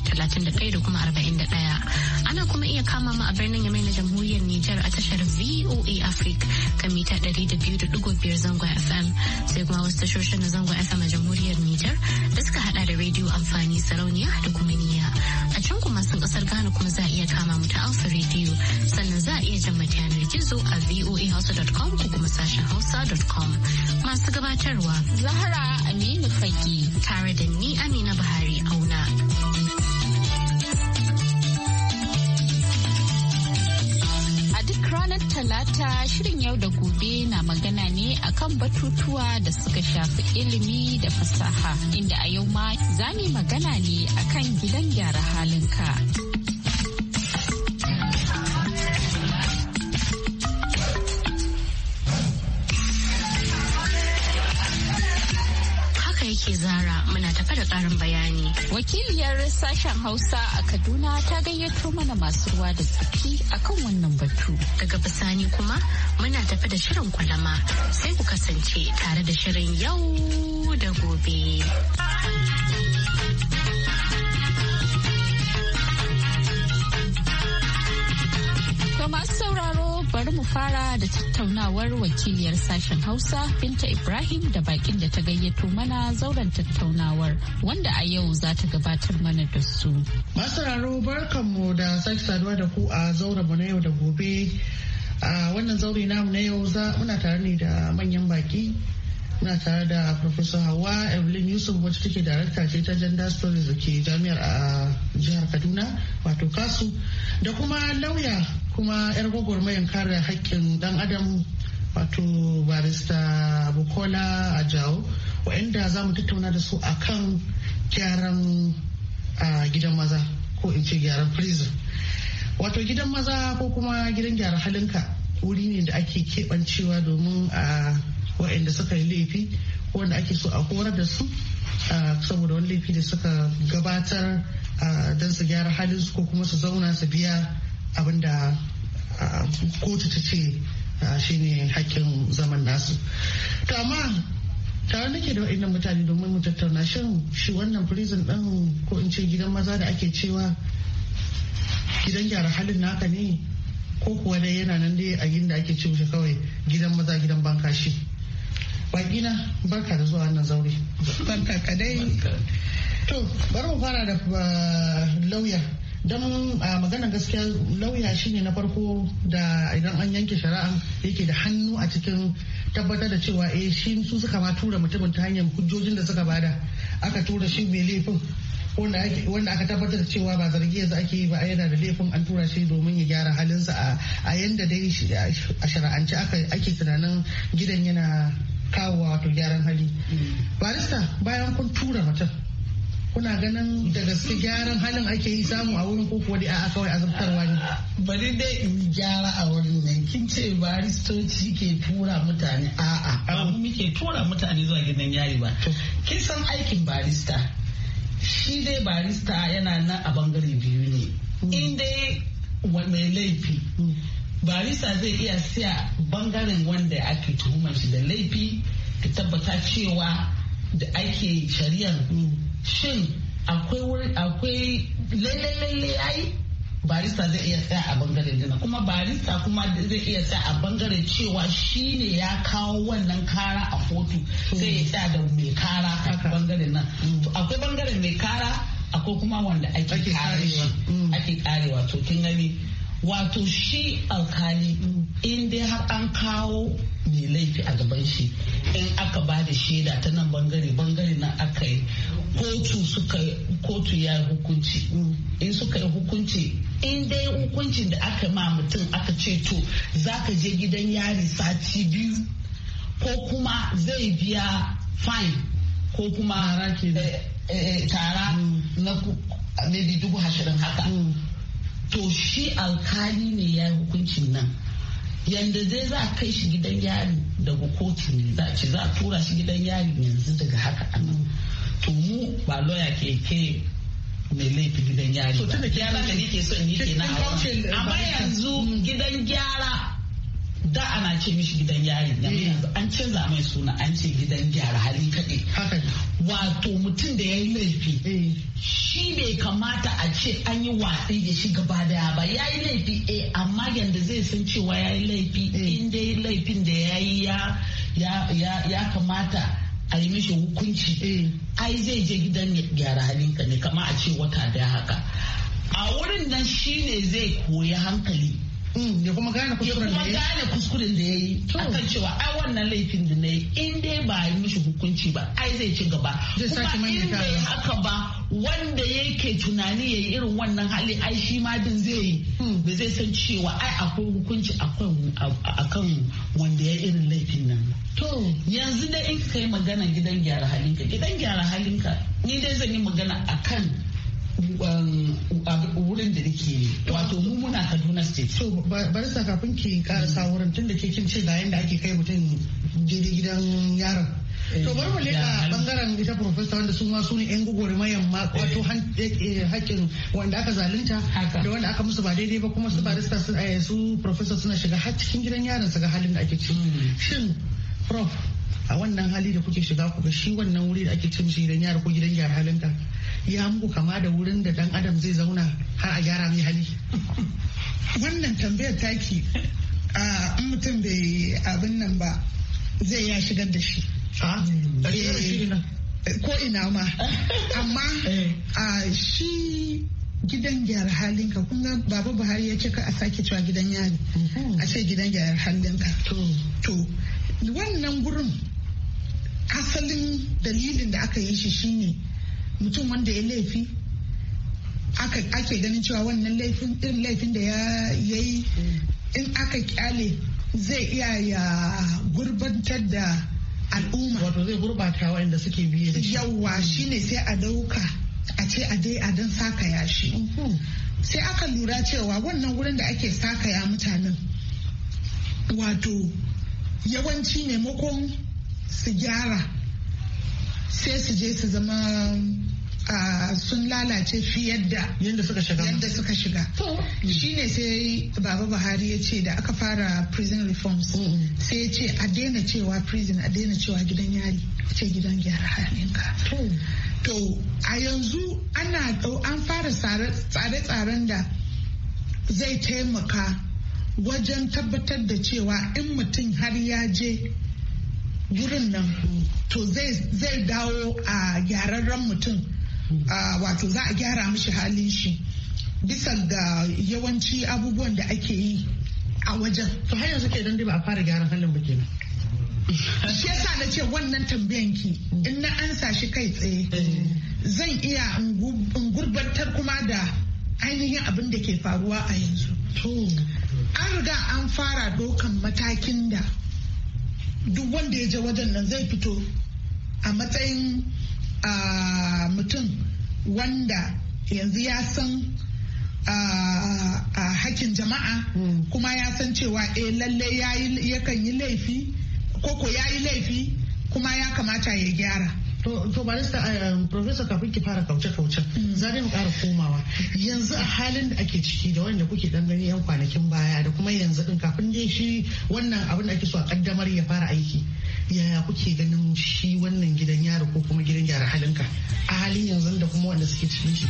da kuma Ana kuma iya kama mu a birnin Yamai na Jamhuriyar Nijar a tashar VOA Africa kan mita ɗari da biyu FM. Sai kuma wasu tashoshin na zango FM a Jamhuriyar Nijar da suka hada da rediyo amfani sarauniya da kuma niya A can kuma sun ƙasar Ghana kuma za a iya kama mu ta alfa rediyo sannan za a iya jan mata yanar gizo a voahausa.com ko kuma sashen hausa.com. Masu gabatarwa Zahra Aminu fagi tare da ni Amina Buhari auna. ranar Talata shirin yau da gobe na magana ne akan batutuwa da suka shafi ilimi da fasaha inda a yau ma za magana ne akan gidan gyara halin ka. ke zara muna tafa da karin bayani. Wakiliyar sashen Hausa a Kaduna ta gayyato mana masu ruwa da tsaki a kan wannan batu. Daga bisani kuma muna tafa da shirin kwalama sai ku kasance tare da shirin yau da gobe. masu sauraro bari mu fara da tattaunawar wakiliyar sashen hausa binta ibrahim da bakin da ta gayyato mana zauren tattaunawar wanda a yau za ta gabatar mana da su masararo barkanmu da sake saduwa da ku a zauren mu na yau da gobe a wannan zaure namu na yau muna tare ne da manyan baki na tare da Professor Hawa Evelyn Yusuf wacce take darakta ce ta Gender Stories da ke jami'ar a jihar Kaduna wato Kasu da kuma lauya kuma 'yar gwagwarmayar kare haƙƙin ɗan adam wato barista Bukola Ajao wa'inda za mu tattauna da su akan gyaran gidan maza ko in ce gyaran prison. Wato gidan maza ko kuma gidan gyara halinka wuri ne da ake keɓancewa domin a waɗanda suka yi laifi wanda ake so a horar da su saboda wani laifi da suka gabatar don su gyara halinsu ko kuma su zauna su biya abinda da kotu ta ce shi ne hakkin zaman nasu to amma tare nake da waɗannan mutane domin mu tattauna shan shi wannan prison ɗin ko in ce gidan maza da ake cewa gidan gyara halin naka ne ko kuwa dai yana nan dai a yin da ake ce kawai gidan maza gidan banka shi. bakina barka da zuwa nan zaure barka ka to bari mu fara da lauya don a maganar gaskiya lauya shine na farko da idan an yanke shari'a yake da hannu a cikin tabbatar da cewa eh shi su suka ma tura mutumin ta hanyar hujjojin da suka bada aka tura shi mai laifin wanda aka tabbatar da cewa ba zargi yanzu ake yi ba a yana da laifin an tura shi domin ya gyara halinsa a yanda dai a shari'ance ake tunanin gidan yana kawo wato gyaran hali mm. barista bayan kun tura mutum kuna ganin da gaske gyaran halin ake yi samu a wurin koko da a kawai azabtarwa ne bari dai in gyara a wurin nan kin ce baristoci ke tura mutane a'a abu muke tura mutane zuwa gidan yari ba kin san aikin barista shi dai barista yana nan a bangare biyu ne mm. in dai mai laifi mm. barista zai iya siya bangaren wanda ake tuhumar da laifi ka tabbata cewa da ake shari'ar shin akwai lalle-lalle yayi barista zai iya tsaya a bangaren dina kuma barista kuma zai iya tsaya a bangaren cewa shi ne ya kawo wannan kara a kotu sai ya tsaya da mai kara a bangaren nan akwai bangaren mai kara akwai kuma wanda ake mm. karewa to kin gani wato shi alkali in dai har an kawo mai laifi a gaban shi in aka ba da shaida ta nan bangare bangare na aka yi kotu suka kotu ya yi hukunci in suka yi hukunci in dai hukuncin da aka ma mutum aka ce to za ka je gidan yari sati biyu ko kuma zai biya fine ko kuma eh, eh, tara mm. na dubu ashirin haka mm. to shi alkali ne ya yi hukuncin nan yanda zai za a kai shi gidan yari daga kotu ne za ci za a tura shi gidan yari yanzu daga haka anan to mu ba lawyer ke ke mai laifi gidan yari ba. So tunda gyara da ke son yi na a Amma yanzu mm. gidan gyara da ana ce mishi gidan yari yanzu an canza mai suna an ce gidan gyara hali kaɗai wato mutum da ya yi laifi eh. shi bai kamata a ce an yi watsi da shi gaba daya ba ya yi laifi eh amma yanda zai san cewa ya yi laifi eh. in dai laifin da ya yi ya kamata a yi mishi hukunci eh. ai zai je gidan gyara hali ne kama a ce wata daya haka a wurin nan shine zai koyi hankali Mm, ya kuma gane kuskuren da ya gane kuskuren da ya yi akan cewa ai wannan laifin da na yi in dai ba yi mishi hukunci ba ai zai ci gaba kuma in bai haka ba wanda yake tunani ya yi irin wannan hali ai shi ma din zai yi mm. ba zai san cewa ai akwai hukunci akan wanda ya irin laifin nan to yanzu dai in ka yi magana gidan gyara halinka gidan gyara halinka ni dai zan yi magana akan Um, um, wurin da nake ne wato mu muna kaduna state So bari sa kafin ki karasa wurin tun da ke kin ce ga yanda ake kai mutum daidai gidan yaron to bari mu leka bangaren eh, ita professor wanda su ma su ne yan gugurmayan ma wato eh. Eh, hakkin wanda aka zalunta da wanda aka musu ba daidai ba kuma su mm. barista su professor suna shiga har cikin gidan yaron su ga halin da ake ci mm. shin prof a wannan hali da kuke shiga ku ga shi wannan wuri da ake cin shi gidan yara ko gidan gyara halinka ya muku kama da wurin da dan adam zai zauna har a gyara mai hali wannan tambayar taki a mutum bai abin nan ba zai ya shigar da shi eh, ko ina ma amma eh. a shi gidan gyara halinka kuma baba buhari ya ce ka a sake cewa gidan yari mhm. a ce gidan gyara halinka to wannan gurin asalin dalilin da aka yi shi shine mutum wanda ya laifi ake ganin cewa wannan laifin irin laifin da ya yi in aka kyale zai iya ya gurbantar da al'umma wato zai gurbata wa'anda suke biye da shi hmm. shi ne sai a dauka a ce a dai a don sakaya shi. Hmm. sai aka lura cewa wannan wurin da ake sakaya mutanen wato yawanci maimakon su gyara sai su je su zama sun lalace fiye da yadda suka shiga yadda suka shiga shine sai baba buhari ya ce da aka fara prison reforms mm. sai ya ce a daina cewa prison a daina cewa gidan yari a ce gidan gyara halinka to a yanzu ana an fara tsare-tsaren da zai taimaka wajen tabbatar da cewa in mutum har ya je gurin nan to zai dawo a gyararren mutum wato za a gyara mishi halin shi bisa ga yawanci abubuwan da ake yi a wajen. To har yanzu ke don dai ba a fara gyara halin ba kenan. Shi yasa na ce wannan tambayan ki in na ansa shi kai tsaye zan iya in gurbatar kuma da ainihin abin da ke faruwa a yanzu. An riga an fara dokan matakin da duk wanda ya je wajen nan zai fito a matsayin a mutum wanda yanzu ya san a hakin jama'a hmm. kuma ya san cewa eh lalle yakan yi laifi koko ya yi laifi kuma ya kamata ya gyara to barista eh, professor kafin ki fara kauce-kauce hmm. za mu kara komawa yanzu a halin da ake ciki da wanda kuke dan gani yan kwanakin baya da kuma yanzu din kafin shi wannan abin da ake so a kaddamar ya fara aiki yaya kuke ganin shi wannan gidan yaro ko kuma gidan gyara halinka a halin yanzu da kuma wanda suke cikin shi.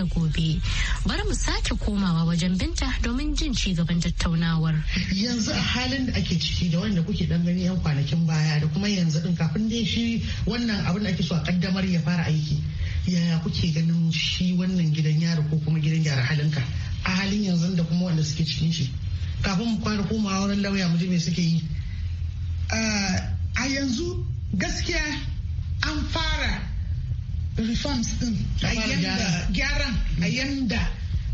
da gobe. Bari mu sake komawa wajen binta domin jin ci gaban tattaunawar. Yanzu a halin da ake ciki da wanda kuke dan gani yan kwanakin baya da kuma yanzu din kafin dai shi wannan abin da ake so a kaddamar ya fara aiki. Yaya kuke ganin shi wannan gidan yaro ko kuma gidan gyara halinka a halin yanzu da kuma wanda suke cikin shi. Kafin mu fara komawa wurin lauya mu ji me suke yi. Ah, a yanzu gaskiya an fara reforms din gyaran a yanda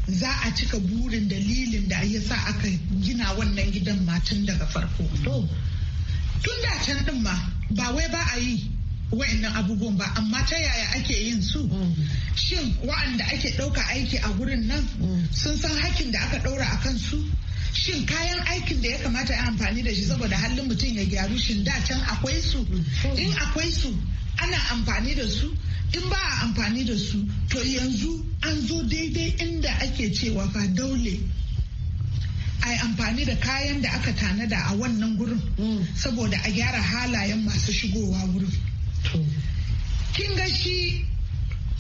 za a cika burin dalilin da ya sa aka gina wannan gidan matan daga farko mm. to tun da can din ma ba wai ba a yi wa'annan abubuwan ba amma ta yaya ake yin su mm. shin wa'anda ake ɗauka aiki a gurin nan mm. sun san hakkin da aka ɗaura a kansu shin kayan aikin da ya kamata ya amfani da shi saboda halin mutum ya gyaru shin da can akwai su in akwai su ana amfani da su in ba a amfani da su to yanzu an zo daidai inda ake cewa fa daule a yi amfani da kayan da aka tanada a wannan gurin mm. saboda a gyara halayen masu shigowa wurin kin ga shi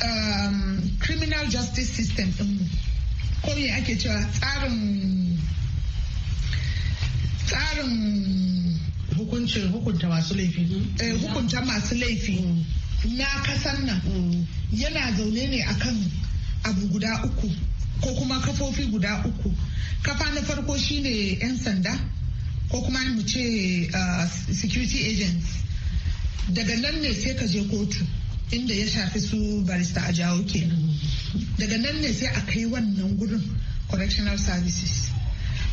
um, criminal justice system mu ko me ake cewa tsarin tsarin hukuncin hukunta masu laifi mm. eh, hukunta masu laifi mm. na kasan nan mm. yana zaune ne akan abu guda uku ko kuma kafofi guda uku kafa na farko shine 'yan sanda ko kuma mu ce uh, security agents daga nan ne sai ka je kotu inda ya shafi su barista a jawo kenan daga nan ne sai a kai wannan gudun correctional services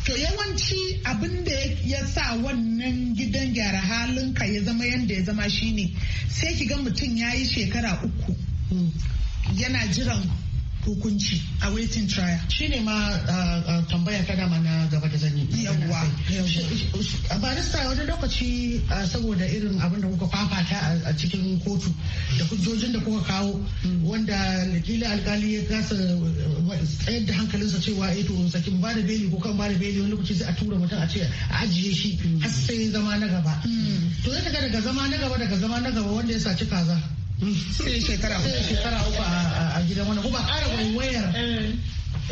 to yawanci abin da ya sa wannan gidan gyara halinka ya zama yadda ya zama shine sai ki ga mutum ya yi shekara uku hmm. yana jiran hukunci a waiting trial Shi ne ma tambaya ta dama na gaba da zanyi yawwa a barista wani lokaci saboda irin abin da kuka fafata a cikin kotu da hujjojin da kuka kawo mm. wanda kila alkali ya kasa tsayar da hankalinsa cewa ya eh, to sakin ba da beli ko kan ba da beli wani lokaci sai a tura mutum a ce a ajiye shi mm. har sai zama na gaba mm. to zai daga zama na gaba daga zama na gaba wanda ya saci kaza sai shekara uku shekara uku a gidan wannan ko ba ƙara waiwayar eh.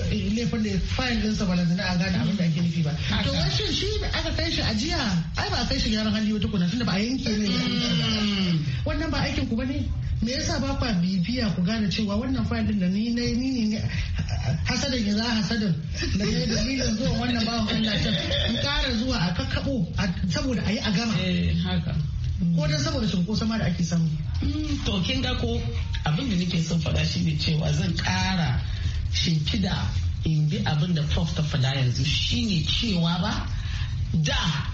laifin da fayil ɗinsa ba lanzana na agada abin da ake nufi ba. To wancan shi da aka kai shi a jiya. ai ba a kai shi gyaran hali wata kuna tunda ba a yanke ne. Mm. Wannan ba aikin ku bane me yasa ba kwa bibiya ku gane cewa wannan fayil ɗin da ni ne ni ne hasadin ya za hasadin da ne dalilin zuwa wannan ba Allah can in ƙara zuwa a kakkaɓo saboda a yi a gama. Eh, haka. ko dan saboda cunkoson ma da ake samu mm, to kin ga ko abin da nake son faɗa shine cewa zan ƙara shimfiɗa in bi abin da prof ta faɗa yanzu shine cewa ba da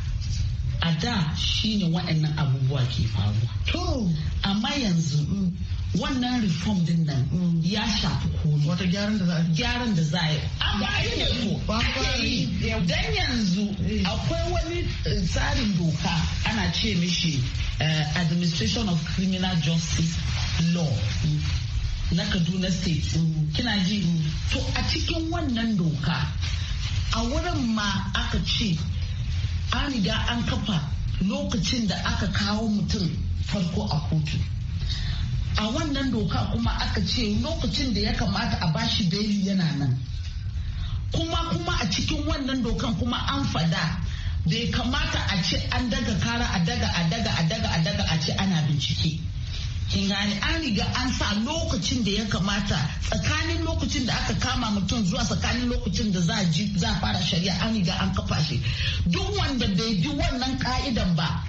a da shine waɗannan abubuwa ke faruwa to amma yanzu mm, wannan reform din nan mm. ya shafi komai wata gyaran da za a gyaran da za a yi an ba yi ne ko dan yanzu eh. akwai wani eh, tsarin doka ana ce mishi eh, administration of criminal justice law mm. na kaduna state mm. kina ji to a cikin wannan doka a wurin ma aka ce an riga an kafa lokacin da aka kawo mutum farko a kotu a wannan doka kuma aka ce lokacin da ya kamata a bashi beli yana nan kuma kuma a cikin wannan dokan kuma an fada bai kamata a ce an daga kara a daga a daga a daga a daga a ce ana bincike kin gane an riga an sa lokacin da ya kamata tsakanin lokacin da aka kama mutum zuwa tsakanin lokacin da za ji za fara shari'a an riga an kafa shi duk wanda bai bi wannan ka'idan ba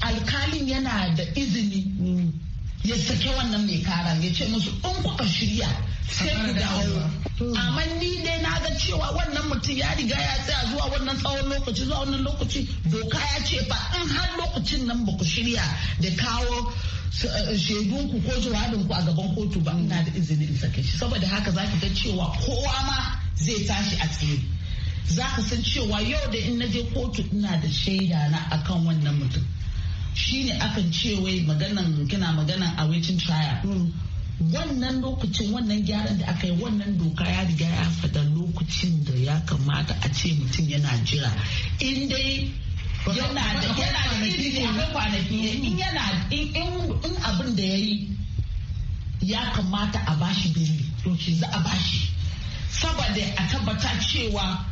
alkalin yana da izini ya sake wannan mai kara ya ce musu in kuka shirya sai ku dawo amma ni ne na ga cewa wannan mutum ya riga ya tsaya zuwa wannan tsawon lokaci zuwa wannan lokaci doka ya ce fa in har lokacin nan ba ku shirya da kawo eh, shaidunku ko jawabinku a gaban kotu ba ina da izinin sake shi saboda haka za ki ga cewa kowa ma zai tashi a tsaye za ka san cewa yau da in na je kotu ina da shaida na akan wannan mutum shine akan ce wai maganan kina maganan a waiting trial mm. wannan lokacin wannan gyaran da aka yi wannan doka ya riga ya faɗa lokacin da ya kamata a ce mutum yana jira in dai yana da kwanaki ne a mm. kwanaki in yana in abin da ya yi ya kamata a bashi beli za a bashi saboda a tabbata cewa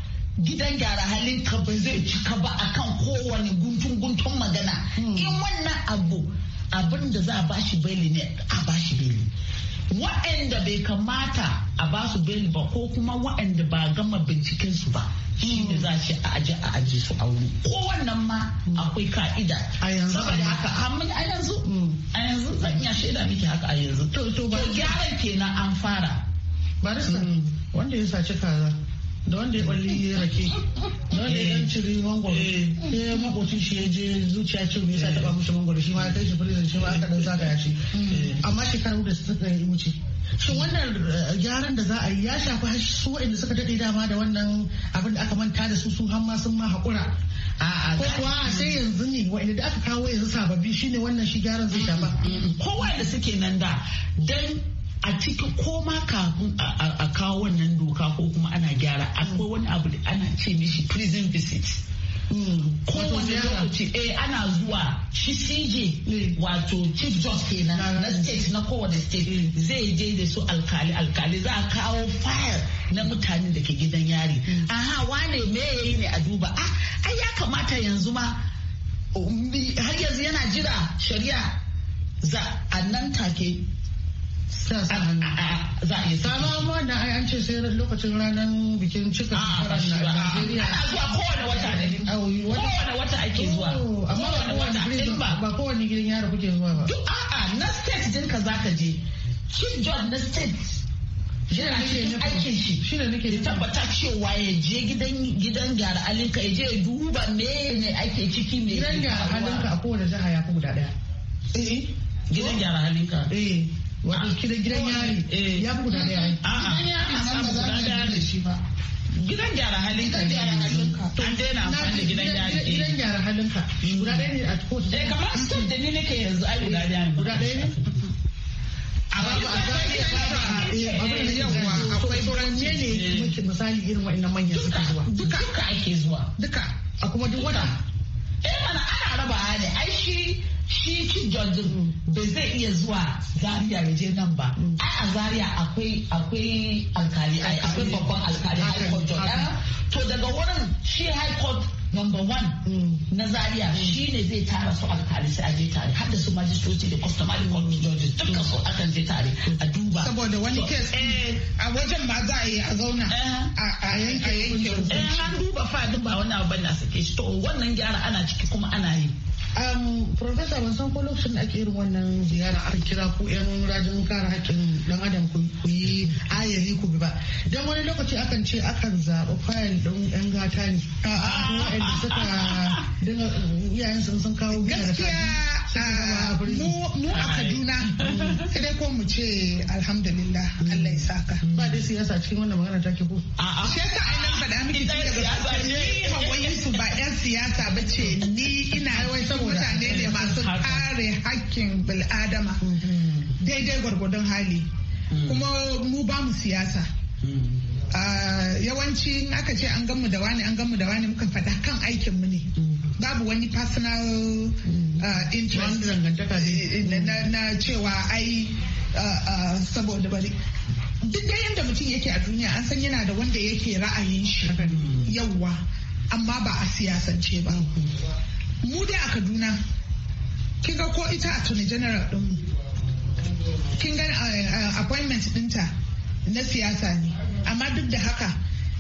gidan gyara halin ka ba zai cika ba akan kowane guntun guntun magana hmm. in wannan abu abin da za a bashi beli ne a bashi beli wa'anda bai kamata a ba su beli ba ko kuma wa'anda ba gama binciken su ba shi ne hmm. za shi a aji a aji su a wuri ko wannan ma hmm. akwai ka'ida a yanzu saboda haka hamun a yanzu a yanzu zan iya shaida miki haka a yanzu to to ba gyaran kenan an fara barista wanda ya saci kaza da wanda ya balli rake da wanda ya dan ciri mangwaro eh. sai makoci shi ya je zuciya ce mai sa taba mishi mangwaro shi ma ya kai shi prison shi ma aka dan zaga ya ce. Eh. amma shekaru da suka yi wuce shin wannan eh, gyaran da za a yi ya shafi su waɗanda suka dade dama da wannan abin da aka manta da su su har ma sun ma haƙura ko kuwa sai yanzu ne waɗanda da aka kawo yanzu sababbi shine wannan shi gyaran zai shafa kowa da suke nan da dan a ciki koma kafin a kawo wannan doka ko kuma ana gyara akwai wani abu da ana ce mishi prison visit hmm. wani lokaci eh ana zuwa shi CJ hmm. wato chief justice na hmm. na state na kowane state zai je da su alkali alkali za a kawo fire na mutanen da ke gidan yari aha wane me yayi ne a duba ah ai ya kamata yanzu ma um, har yanzu yana jira shari'a za a nan take za a yi sama wannan ai an ce sai lokacin ranar bikin cika shekara na Najeriya ana zuwa kowane wata ne kowane wata ake oh, zuwa amma ba kowane ba kowane gidan yaro kuke zuwa ba duk a'a na state dinka zaka je chief George na state yana ne aikin shi shi ne nake tabbata cewa ya je gidan gidan gyara alinka ya je ya duba me ne ake ciki me gidan gyara alinka a kowane jiha ya fi guda daya eh, gidan gyara alinka eh wa gidan gidan yari ya fi guda daya ai a'a ya samu guda da shi ba gidan gyara halinka ne an daina amfani da gidan gyara gidan gyara halinka guda daya ne a kotu eh kamar step da ni nake yanzu ai guda daya ne guda daya ne akwai ne irin zuwa duka duka ake zuwa duka a kuma duk wata eh mana ana raba ne ai shi shi chief judge mm. bai zai iya zuwa zaria ya je nan ba mm. ai a zaria akwai akwai alkali ai akwai babban alkali high court eh? to daga wurin shi high court number one mm. na zaria shi ne zai tara su alkali sai a je tare har da su majistoci da customary court judges duka su akan je tare a duba saboda wani case eh. a wajen ma za a yi a zauna eh. a yanke yanke hukunci an duba fadin ba wani abin na sake shi to wannan gyara ana ciki kuma ana yi Um, Profesa ban san ko lokacin da ake irin wannan ziyara a kira ku 'yan rajin kare hakkin ɗan adam ku yi ayari ku bi ba. Don wani lokaci akan ce akan zaɓi fayil ɗin 'yan gata ne. A'a, a'a, suka dinga a'a, sun kawo a'a, da a'a mu a kaduna sai ko mu ce alhamdulillah allah ya saka ba dai siyasa cikin wannan magana ke ko a'a shi yasa ai nan faɗa miki tun daga ni hawaii su ba yan siyasa ba ce ni ina yawancin mutane ne masu kare hakkin bil'adama mm-hmm. daidai gwargwadon hali mm. kuma mu ba mu siyasa mm. ah, yawanci aka ce an gamu da wani an gamu da wani muka faɗa kan aikin mu ne mm. babu wani personal Ah, ah, eh, eh, na cewa ai ah, saboda bari duk da yadda mutum yake a duniya an san yana da wanda yake ra'ayin shi yawwa amma ba a siyasance ba mu dai a kaduna kin ga ko ita tuni general din kin ga eh, appointment dinta na siyasa ne amma duk da haka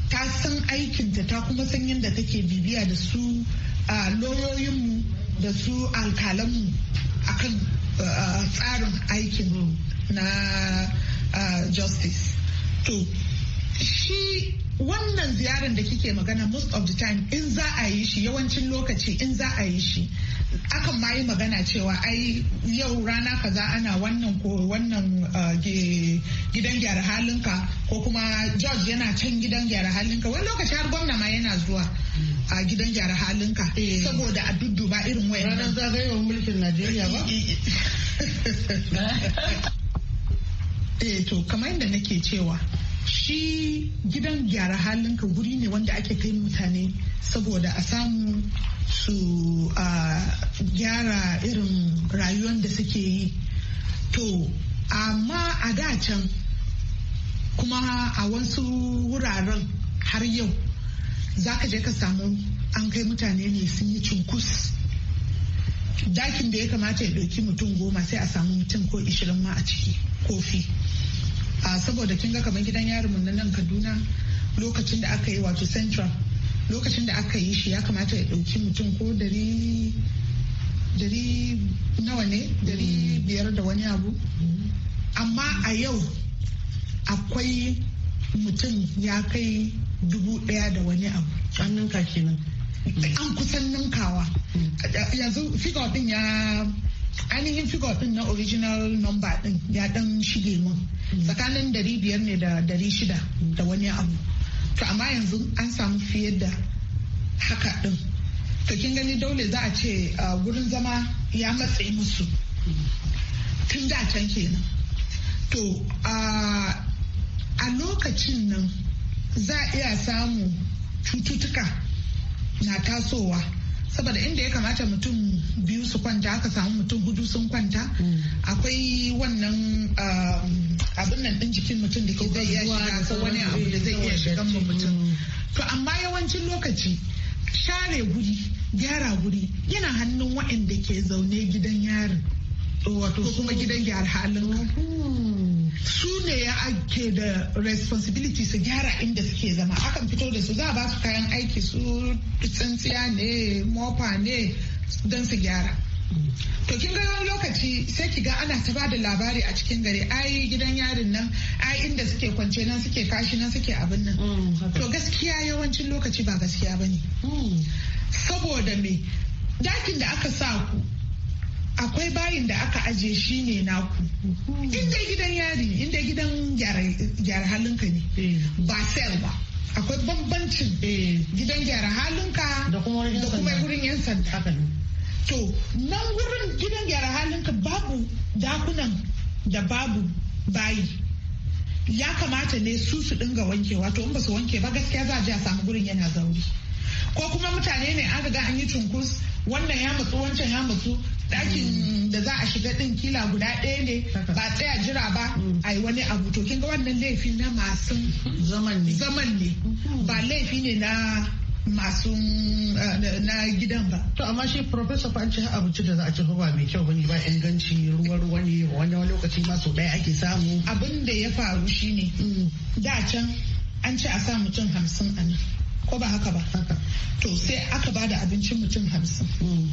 ta san aikinta ta kuma san yadda take bibiya da su a lauyoyinmu da su alkalanmu akan uh, uh, tsarin aikin na uh, justice to shi wannan ziyarar da kike magana most of the time in za a yi shi yawancin lokaci in za a yi shi akan ma yi magana cewa ai yau rana kaza ana wannan ko wannan uh, gidan gyara halinka ko kuma george yana can gidan gyara halinka wani lokaci har gwamna ma yana zuwa a gidan gyara halinka eh. saboda a dudduba irin wayan ranar zagayewar mulkin najeriya ba eh to kamar yadda nake cewa shi gidan gyara halin ka guri ne wanda ake kai mutane saboda a samu su gyara irin rayuwar da suke yi to amma a da can kuma a wasu wuraren har yau za ka je ka samu an kai mutane ne sun yi cunkus dakin da ya kamata ya ɗauki mutum goma sai a samu mutum ko ishirin ma a ciki kofi a saboda kin ga kamar gidan yarinmu na nan kaduna lokacin da aka yi wato central lokacin da aka yi shi ya kamata ya dauki mutum ko dari dari nawa ne dari biyar da wani abu amma a yau akwai mutum ya kai dubu daya da wani abu an ninka kenan an kusan ninkawa yanzu figure din ya ainihin figure din na original number din ya dan shige mun tsakanin dari biyar ne da dari shida da wani abu to amma yanzu an samu fiye da haka din to kin gani dole za a ce gurin zama ya matsayi musu tun da can kenan to a lokacin nan za a iya samu cututtuka na tasowa saboda inda ya kamata mutum biyu su kwanta aka samu mutum hudu sun kwanta mm. akwai wannan um, abin nan din jikin mutum da ke zai iya shiga ko wani abu da zai iya shigan mutum to amma yawancin lokaci share guri gyara guri yana hannun waɗanda ke zaune gidan yarin wato kuma gidan gyara halin su ne ya ake da responsibility su gyara inda suke zama akan fito da su za a ba su kayan aiki su tsintsiya ne mopa ne don su gyara To kin ga lokaci sai ki ga ana ta bada labari a cikin gari ai gidan yarin nan ai inda suke kwance nan suke kashi nan suke abin nan. Mm, to gaskiya yawancin lokaci ba gaskiya ba ne. Mm. Saboda me dakin da aka sa ku akwai bayin da aka aje shi ne naku. Mm-hmm. Inda gidan yari inda gidan gyara halinka ne eh. ba sel ba. Akwai bambancin eh. gidan gyara halinka da kuma wurin 'yan sanda. to nan wurin gidan gyara halinka babu dakunan da babu bayi ya kamata ne su su dinga wanke wato in ba su wanke ba gaskiya za a je samu gurin yana zauri ko kuma mutane ne an riga an yi cunkus wannan ya matsu wancan ya matsu dakin da za a shiga ɗin kila guda ɗaya ne ba tsaya jira ba a yi wani abu to kin ga wannan laifi na masu zaman ne ba laifi ne na masu eh, na gidan ba. To amma shi Professor fa an ce abinci da za a ci ba mai kyau bane ba inganci ruwa ruwa ne wani lokaci ma so ɗaya ake samu. Abin da ya faru shine mm, da can an ce a sa mutum hamsin a nan. Ko ba haka ba? To sai aka ba da abincin mutum hamsin. Mm.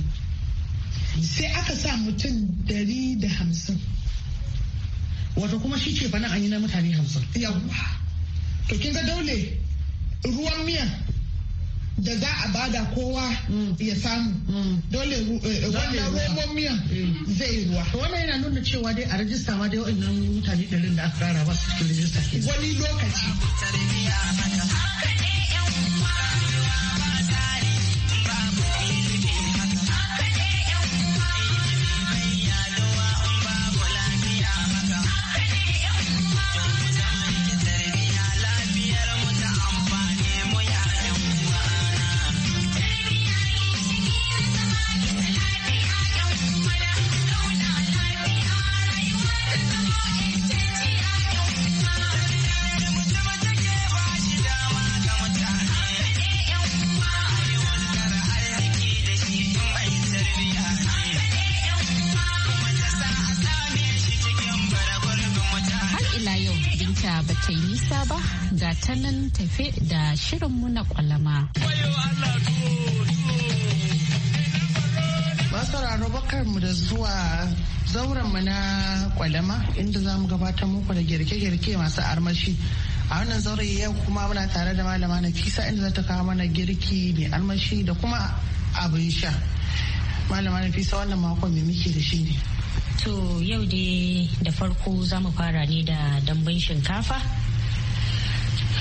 Sai aka sa mutum dari da hamsin. Wato kuma shi ce bana an yi na mutane hamsin. Yawwa. To kin ga dole ruwan miyan da za a bada kowa mm. ya samu mm. eh, eh, dole wannan romon mm. zai ruwa. wannan yana nuna cewa dai a rajista ma dai wa'annan mutane ɗarin da aka rara ba su cikin rajista wani lokaci. ta nan tafe da shirinmu na kwalama. Masararru bakar mu da zuwa zauren mu na kwalama inda za mu gabatar muku da girke-girke masu armashi a wannan zauren yau kuma muna tare da malama nafisa inda za ta kawo mana girki mai armashi da kuma abin sha malama nafisa wannan makon mai muke da shi ne to yau dai da farko za mu fara ne da dambun shinkafa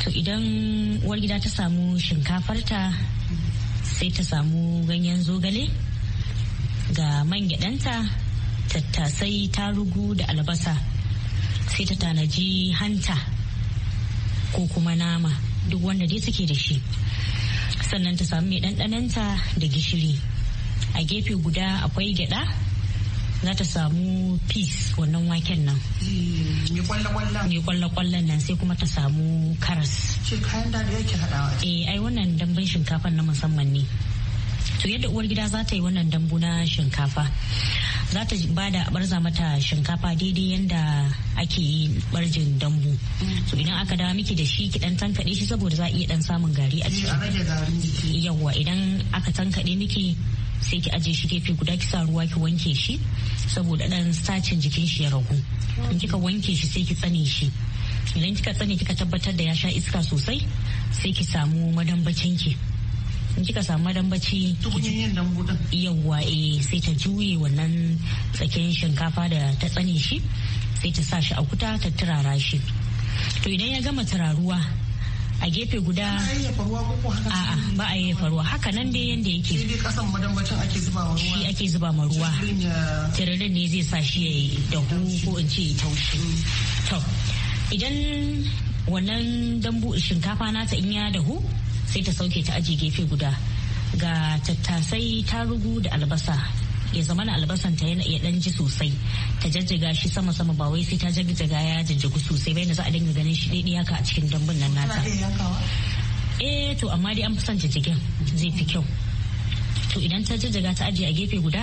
to idan uwar gida ta samu shinkafarta sai ta samu ganyen zogale ga man gyaɗanta tattasai rugu da albasa sai ta tanaji hanta ko kuma nama duk wanda dai suke da shi sannan ta samu mai ɗanɗananta da gishiri a gefe guda akwai gyaɗa za ta samu peace wannan waken nan ne hmm, kwalla-kwallon nan sai kuma ta samu karas ce kayan da yake haɗawa eh ai wannan damben shinkafa na musamman ne to yadda uwar gida za ta yi wannan dambu na shinkafa za ta ba da barza mata shinkafa daidai yadda ake yi barjin dambu so hmm. idan aka dawo miki da shi ki ɗan tankaɗe shi saboda za a iya ɗan samun gari a eh, ciki Yawwa idan aka tankaɗe miki sai ki aje shi gefe guda ki sa ruwa ki wanke shi saboda dan sacin jikin shi ya ragu in kika wanke shi sai ki tsane shi idan kika tsane kika tabbatar da ya sha iska sosai sai ki samu madambacin ki in kika samu madambaci yawwa eh sai ta juye wannan tsakin shinkafa da ta tsane shi sai ta sa shi a kuta ta turara shi to idan ya gama turaruwa a gefe guda ba a yayyafa ruwa haka nan dai yanda yake shi ake zuba ruwa shi ake zuba ma ruwa tiririn ne zai sa shi ya dahu ko in ce taushi mm. to idan wannan dambu shinkafa nata in ya dahu sai ta sauke ta aje gefe guda ga tattasai ta rugu da albasa ya zama na albasan ta yana dan ji sosai ta jajjaga shi sama sama ba wai sai ta jajjaga ya jajjagu sosai bai da za a dinga ganin shi daidai haka a cikin dambun nan nata eh to amma dai an fi son zai fi kyau to idan ta jajjaga ta ajiye a gefe guda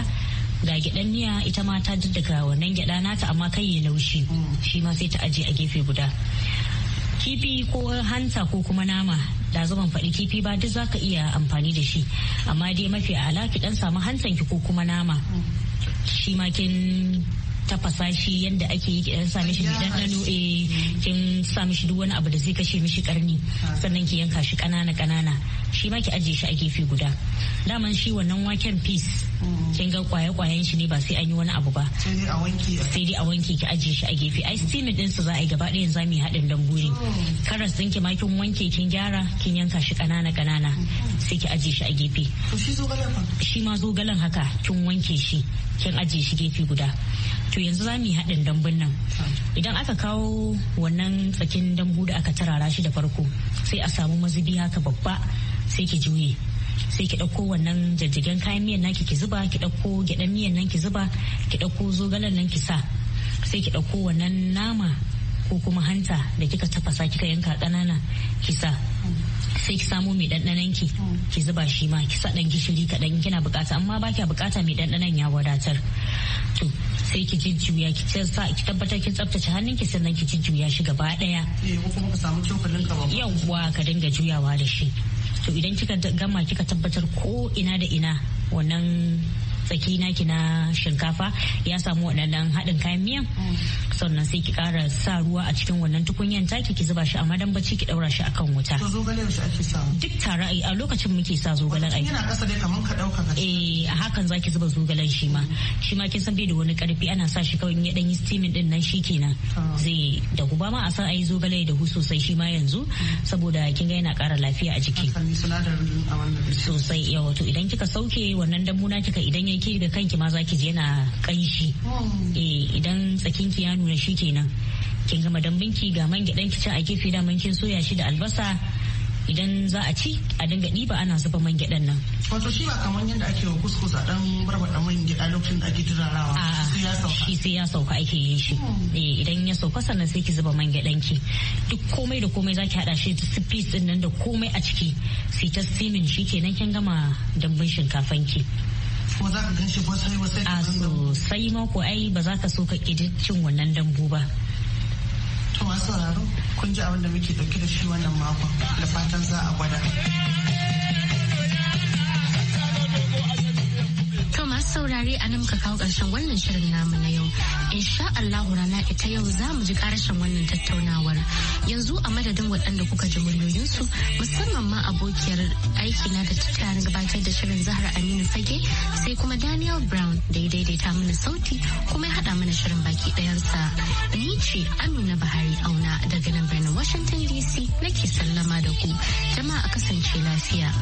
ga gyaɗan niya ita ma ta jajjaga wannan gyaɗa nata amma kai ya laushi mm. shi ma sai ta ajiye a gefe guda kifi ko hanta ko kuma nama da zuban faɗi kifi ba duk zaka iya amfani da shi amma dai mafi ala ki dan samu hantan ki ko kuma nama shi ma kin tafasa shi yadda ake yi dan sa mishi dan eh kin sa mishi duk wani abu da zai kashe mishi karni ah. sannan ki yanka shi kanana kanana shi ma ki ajiye shi a gefe guda daman shi wannan waken peace kin ga kwaye-kwayen shi ne ba sai an yi wani abu ba sai dai a wanke sai a wanke ki ajiye shi a gefe ai steaming din sa za a yi gaba ɗayan za mu yi haɗin dambu ne karas din ki ma kin wanke kin gyara kin yanka shi kanana kanana sai ki ajiye shi a gefe shi zogalen shi ma zogalen haka kin wanke shi kin ajiye shi gefe guda to yanzu za mu yi haɗin dambun nan idan aka kawo wannan tsakin dambu da aka tarara shi da farko sai a samu mazubi haka babba sai ki juye sai ki ɗauko wannan jajjagen kayan miyan naki ki zuba ki ɗauko gyaɗan miyan nan ki zuba ki ɗauko zogalen nan ki sa sai ki ɗauko wannan nama ko kuma hanta da kika tafasa kika yanka ƙanana ki sa sai ki samo mai ɗanɗanan ki ki zuba shi ma ki sa ɗan gishiri kaɗan kina buƙata. amma ba kya bukata mai ɗanɗanan ya wadatar to sai ki jijjuya ki ki tabbatar kin tsaftace hannun ki sannan ki jijjuya shi gaba ɗaya eh, yauwa ka dinga juyawa da shi to idan kika gama kika tabbatar ko ina da ina wannan tsaki naki na shinkafa ya samu waɗannan haɗin kayan miyan sannan sai ki kara sa ruwa a cikin wannan tukunyan taki ki zuba shi a madambaci ki daura shi akan wuta. To zogalen shi ake samu. Duk tare a lokacin muke sa zogalen ai. Yana kasa dai kaman ka dauka ka. Eh a hakan zaki zuba zogalen shi ma. Shi ma kin san bai da wani karfi ana sa shi kawai ya dan yi steaming din nan shikenan. Zai da guba ma a san ai zogale da dahu sosai shi ma yanzu saboda kin ga yana kara lafiya a jiki. Sosai ya wato idan kika sauke wannan damuna kika idan yake da kanki ma zaki je yana kanshi. Oh. Eh idan tsakinki ya nuna da shi kenan kin gama dambin ga man gyaɗan ki a gefe da kin soya shi da albasa idan za a ci a dinga ɗiba ana zuba man gyaɗan nan. Wato shi ba kamar yadda ake wa kuskus a ɗan barbaɗa man gyaɗa lokacin da ake turarawa. sai ya sauka. Shi sai ya sauka ake yin shi. Hmm. Eh, idan ya sauka sannan sai ki zuba man gyaɗan ki. Duk komai da komai za ki haɗa shi su fis ɗin nan da komai a ciki. Sai ta simin shi kenan kin gama dambun shinkafan ki. kuma za ka gan shi wasai wasai a sosai ma ko ai ba za ka so ka ƙi cin wannan dambu ba to masu sauraro kun ji abin da muke ɗauke da shi wannan makon da fatan za a gwada saurare a nan ka kawo ƙarshen wannan shirin namu na yau. Insha Allahu rana ita yau za mu ji ƙarshen wannan tattaunawar. yanzu a madadin waɗanda kuka ji muryoyinsu musamman ma abokiyar aiki na da ta gabatar da shirin zahra aminu fage sai kuma daniel brown da ya daidaita mana sauti kuma ya haɗa mana shirin baki ɗayarsa. ni ce amina bahari auna daga nan birnin washington dc nake sallama da ku jama'a kasance lafiya.